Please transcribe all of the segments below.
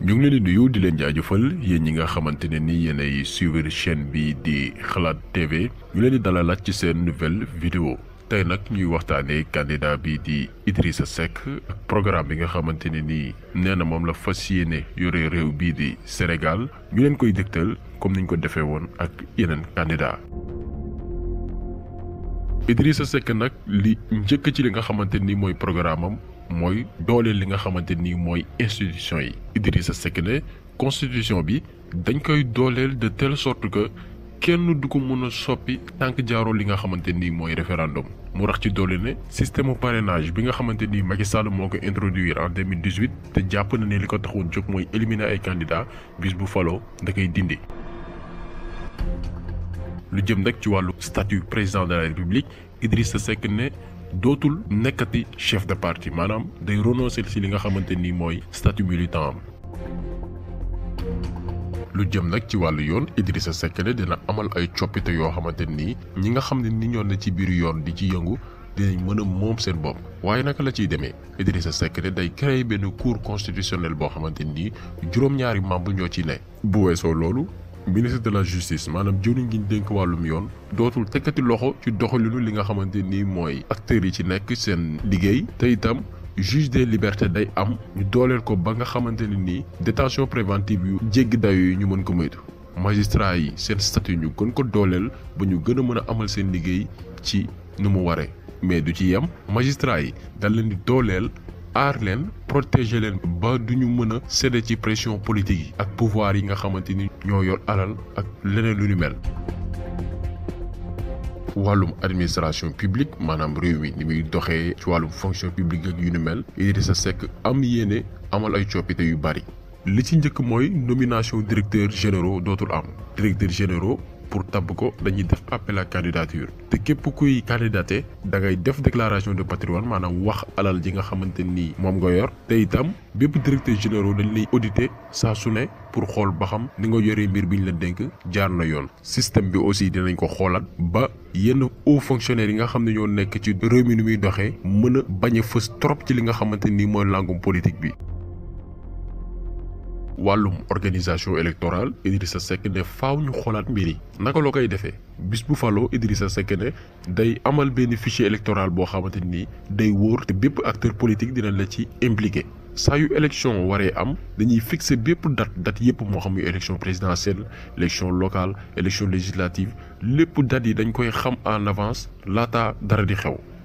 ñu ngi di nuyu di leen jaajëfal yéen ñi nga xamante ne ni yéenay suivre chaîne bi di xalaat TV ñu leen di dalalaat ci seen nouvelle vidéo tey nag ñuy waxtaanee candidat bi di Idrissa Seck ak programme bi nga xamante ni nii nee na moom la fas yéene yore réew bii di Sénégal ñu leen koy dégtal comme niñ ko defee woon ak yeneen candidat Idrissa Seck nag li njëkk ci li nga xamante ni mooy programme am moy dolé li nga xamante ni institution yi Idrissa Seck ne constitution bi dañ koy dooleel de telle sorte que kenn du ko mëna soppi tank jaaro li nga xamante ni référendum mu rax ci doole système parrainage bi nga xamante ni Macky Sall moko introduire en 2018 te japp na ne liko taxone taxoon moy éliminer ay candidats bis bu faloo da kay dindi. lu jëm nag ci walu statut président de la république Idrissa Seck dootul nekkati chef de parti maanaam day renoncer ci li nga xamante ni mooy statut militant am lu jëm nag ci wàllu yoon Idrissa Seck ne dina amal ay coppite yoo xamante nii ñi nga xam ne ni ñoo ne ci biiru yoon di ci yëngu dinañ mën a moom seen bopp waaye naka la ciy demee Idrissa Seck ne day créer benn cour constitutionnelle boo xamante nii juróom-ñaari membre ñoo ci ne bu weesoo loolu ministre de la justice maanaam jëwriñ gi ñu dénk wàllum yoon dootul tekkati loxo ci doxalinu li nga xamante ni mooy acteurs yi ci nekk seen liggéey te itam juge des libertés day am ñu dooleel ko ba nga xamante ne nii détention préventive yu jéggi dayo yi ñu mën ko moytu magistra yi seen statut ñu gën ko dooleel ba ñu gën a mën a amal seen liggéey ci nu mu waree mais du ci yem magistrat yi dañ leen di dooleel arlen protéger leen ba du mëna cédé ci pression politique ak pouvoir yi nga xamanteni ni ñoo yor alal ak leneen lu ni mel. walum administration publique manam rew mi ni muy doxé ci walum fonction publique ak yu ni mel Idrissa Seck am yéene amal ay coppite yu bari. li ci ñëk moy nomination directeur généraux dotul am directeur généraux pour tabb ko dañuy def appel à te képp kuy candidaté dangay def déclaration de patrimoine maanaam wax alal ji nga xamante ni moom nga yor te itam bépp directeur général dañ lay audité saa su ne pour xool ba xam ni nga joree mbir bi ñu la denk jaar na yoon système bi aussi dinañ ko xoolaat ba yenn hauts fonctionnaires yi nga xam ne ñoo nekk ci réew mi ni muy doxee mën a bañ a fës trop ci li nga xamante ni mooy langum politique bi. walum organisation électorale Idrissa Seck ne faaw ñu xoolaat mbiri naka lokay défé defee bis bu Idrissa Seck ne day amal bénn fichier électoral bo xamante day woor té bép acteur politique dina la ci impliqué. saa yu élection waré am dañuy fixer bép date date yépp mo xam yu élection présidentielle élection locale élection législative lépp date yi dañ koy xam en avance l'ata dara di xew.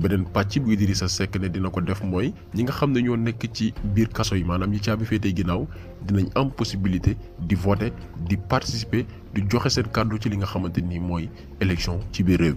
beneen pàcc bu Idrissa Seck ne dina ko def mooy ñi nga xam ne ñoo nekk ci biir kaso yi maanaam ñi caabi féetee ginnaaw dinañ am possibilité di voter di participer di joxe seen kàddu ci li nga xamante ni mooy élection ci biir réew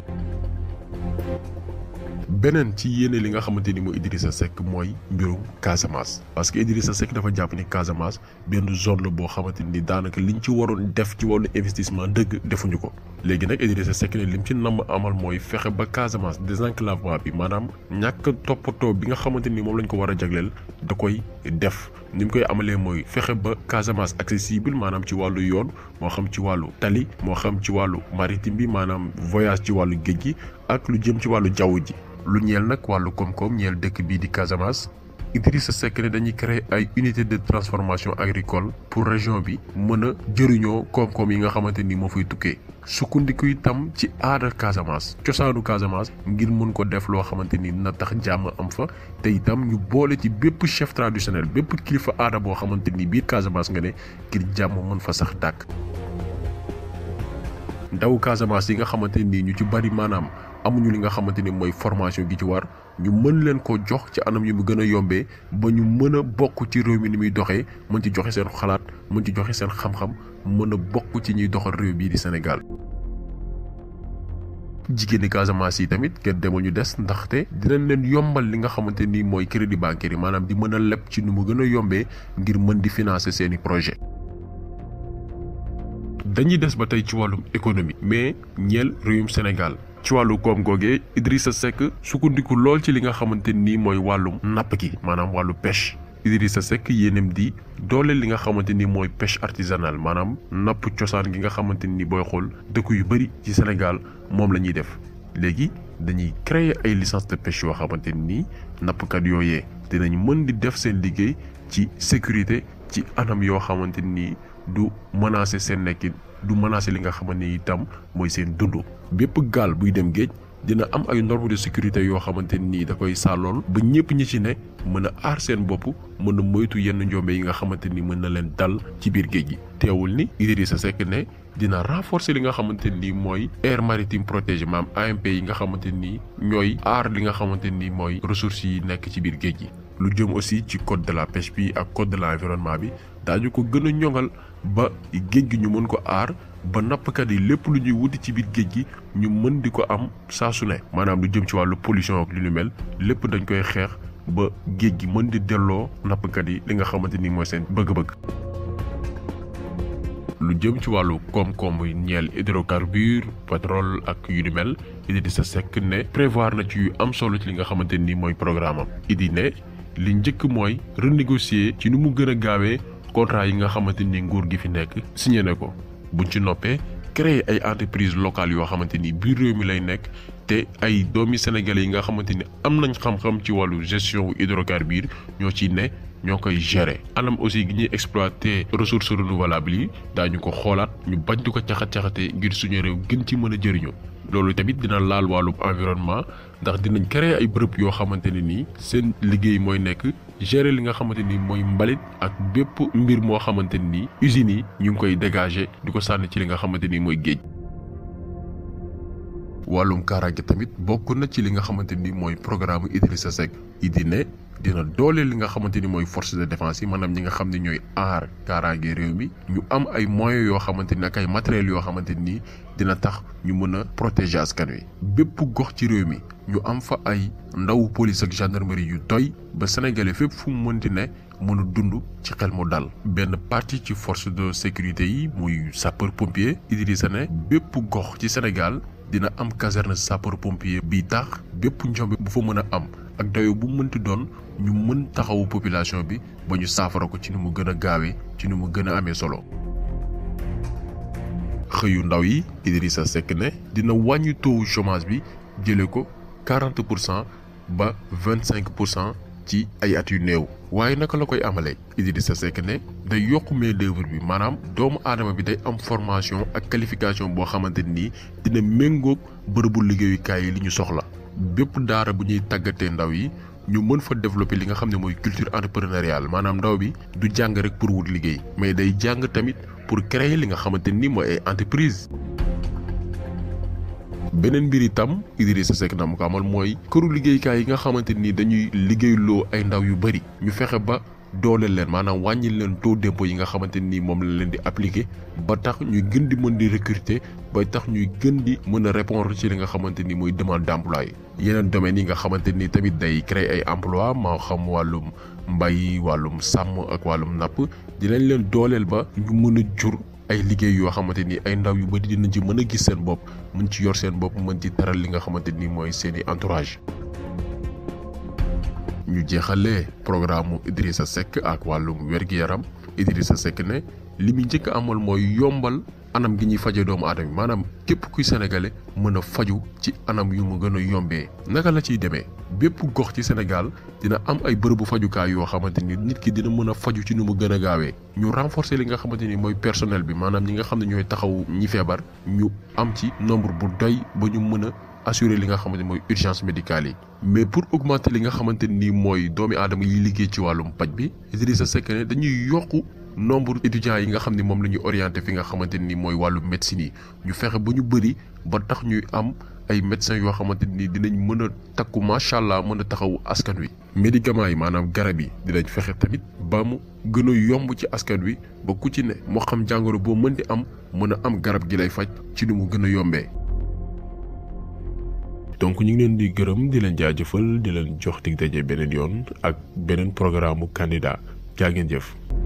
beneen ci yéene li nga xamante ni mooy Idrissa Seck mooy mbirum Casamance parce que Idrissa Seck dafa jàpp ni Casamance benn zone la boo xamante ni daanaka liñ ci waroon def ci wàllu investissement dëgg defuñu ko. léegi nag Idrissa Seck ne lim ci namm amal mooy fexe ba Casamance désenclavement bi maanaam ñàkk toppatoo bi nga xamante ni moom lañ ko war a jagleel da koy def ni mu koy amalee mooy fexe ba Casamance accessible maanaam ci wàllu yoon moo xam ci wàllu tali moo xam ci wàllu maritime bi maanaam voyage ci wàllu géej gi ak lu jëm ci wàllu jaww ji. lu ñeel nak walu komkom de ñeel dëkk bi di Casamance Idrissa Seck ne dañuy créer ay unité de transformation agricole pour région bi mëna a jëriñoo koom yi nga xamanteni mo moo tukké tukkee sukkandiku itam ci aada Casamance cosaanu Casamance ngir mën ko def lo xamanteni ni tax jamm am fa te itam ñu bolé ci bép chef traditionnel bép kilifa aada bo xamanteni ni biir Casamance nga ne ngir jamm mën fa sax tak ndaw Casamance yi nga xamanteni ñu ci bari manam amuñu li nga xamanteni ni formation gi ci war ñu mën leen ko jox ci anam yu mu gën a ba ñu mëna bokku ci réew mi ni muy doxé mën ci joxé seen xalaat mën ci joxé seen xam-xam mëna bokku ci ñuy doxal réew bi di Sénégal jigéni casamance yi tamit kenn demal ñu des ndaxte dinañ leen yombal li nga xamanteni moy crédit bancaire manam di mëna lepp ci nu mu gëna yombé ngir mën di financer seen projet dañuy des ba tay ci walum économie mais ñeel réewum sénégal ci wàllu koom googee Idrissa Seck sukkandiku lool ci li nga xamante nii mooy wàllu napp gi maanaam wàllu pêche sa Seck yéenam di dooleel li nga xamante ni mooy pêche artisanale maanaam napp cosaan gi nga xamante ni booy xool dëkk yu bëri ci Sénégal moom la ñuy def léegi dañuy créer ay licence de pêche yoo xamante ni nappkat yooyee dinañu mën di def seen liggéey ci sécurité ci anam yoo xamante ni du menacer seen nekkin du menacer li nga xamante ni itam mooy seen dund bépp gaal buy dem géej dina am ay normes de sécurité yoo xamante nii da koy sàllool ba ñëpp ñi ci ne mën a aar seen bopp mën a moytu yenn njombe yi nga xamante ni mën na leen dal ci biir géej gi teewul ni sa Seck ne dina renforcer li nga xamante ni mooy air maritime protégé maam AMP yi nga xamante ni ñooy aar li nga xamante ni mooy ressources yi nekk ci biir géej gi. lu jëm aussi ci code de la pêche bi code de l'environnement bi que ko gëna a ba géej ñu mën ko aar ba nappkat yi lépp lu ñuy wuti ci biir géej gi ñu mën am saa su ne lu jëm ci pollution ak lu mel lépp dañ koy xeex ba géej gi mën di delloo nappkat yi li nga xamante ni mooy bëgg-bëgg. lu jëm ci wàllu koom-koom ñeel hydrocarbure pétrole ak yu ni mel sa ne prévoir na ci yu am solo ci li nga xamante ni programme li njëkk mooy renégocier ci nu mu gën a gaawee contrat yi nga xamante ni nguur gi fi nekk signé na ko buñ ci noppee créer ay entreprise locale yoo xamante ni biir réew mi lay nekk te ay doomi sénégalais yi nga xamante ni am nañ xam-xam ci wàllu gestion hydrocarbure ñoo ci ne ñoo koy gérer anam aussi gi ñuy exploiter ressources renouvelables yi daañu ko xoolaat ñu bañ du ko caxat-caxate ngir suñu réew gën ci mën a jëriñoo loolu tamit dina laal wàllum environnement ndax dina créer ay bërëb yoo xamante ne nii seen liggéey mooy nekk gérer li nga xamante ni mooy mbalit ak bépp mbir moo xamante ne nii usines yi ñu ngi koy dégager di ko sànni ci li nga xamante ni mooy géej. wàllum kaaraange tamit bokk na ci li nga xamante ni mooy programme Idrissa Seck idi ne dina doole li nga xamante ni mooy force de défense yi maanaam ñi nga xam ne ñooy aar kaaraange réew mi ñu am ay moyens yoo xamante ni ak ay matériels yoo xamante ni dina tax ñu mën a protéger askan wi bépp gox ci réew mi ñu am fa ay ndawu police ak gendarmerie yu doy ba sénégalais fépp fu mu mënti ne mën dund ci xel mu dal benn partie ci force de sécurité yi muy sapor pompier Idrissa ne bépp gox ci Sénégal dina am caserne sapor pompier bii tax bépp njombe bu fa mën a am ak dayo bu mënti doon ñu mën taxawu population bi ba ñu saafara ko ci ni mu gën a gaawee ci ni mu gën a amee solo. xëyu ndaw yi Idrissa Seck ne dina wàññi taux chômage bi jëlee ko 40 pour cent ba 25 pour cent ci ay at yu néew. waaye naka la koy amalee Idrissa Seck ne day yokk main d'œuvre bi maanaam doomu aadama bi day am formation ak qualification boo xamante nii dina méngoog bërëbu liggéeyukaay yi li ñu soxla. bépp daara bu ñuy tàggatee ndaw yi ñu mën fa développer li nga xam ne mooy culture entrepreneuriale maanaam ndaw bi du jàng rek pour wut liggéey mais day jàng tamit pour créer li nga xamante ni mooy ay entreprise beneen mbir itam Idrissa Seck na mu ko amal mooy këru liggéeykaay yi nga xamante ni dañuy liggéeyloo ay ndaw yu bëri ñu fexe ba dooleel leen maanaam wàññil leen taux d'impôt yi nga xamante ni moom la leen di appliquer ba tax ñuy gën di mën di recruter ba tax ñuy gën di mën a répondre ci li nga xamante ni mooy demande d'emploi yi yeneen domaines yi nga xamante ni tamit day créer ay emploi moo xam wàllum mbay wàllum sàmm ak wàllum napp dinañ leen dooleel ba ñu mën jur ay liggéey yoo xamante ni ay ndaw yu bëri dinañ ci mën a gis seen bopp mën ci yor seen bopp mën ci taral li nga xamante ni mooy seen i entourage ñu jeexalee programme mu sa Seck ak wàllum wér-gu-yaram Idrissa Seck ne li muy njëkk amal mooy yombal anam gi ñuy faje doomu aadama maanaam képp kuy sénégalais mën a faju ci anam yu mu gën a yombee naka la ciy demee bépp gox ci Sénégal dina am ay bërëbu fajukaay yoo xamante ni nit ki dina mën a faju ci nu mu gën a gaawee ñu renforcer li nga xamante ni mooy personnel bi maanaam ñi nga xam ne ñooy taxaw ñi feebar ñu am ci nombre bu doy ba ñu mën a assurer li nga xamante mooy urgence médicale yi mais pour augmenter li nga xamante ni mooy doomi aadama yi liggéey ci wàllum paj bi Idrissa Seck ne dañuy yokk nombre étudiants yi nga xam ne moom la ñuy orienté fi nga xamante ni mooy wàllum médecine yi ñu fexe ba ñu bëri ba tax ñuy am ay médecins yoo xamante nii dinañ mën a takku macha allah mën a taxawu askan wi. médicament yi maanaam garab yi dinañ fexe tamit ba mu gën a yomb ci askan wi ba ku ci moo xam jàngoro boo mën di am mën a am garab gi lay faj ci ni mu gën a yombee. donc ñu ngi leen di gërëm di leen jaajëfal di leen jox dig daje beneen yoon ak beneen programme mu candidat jaa ngeen jëf.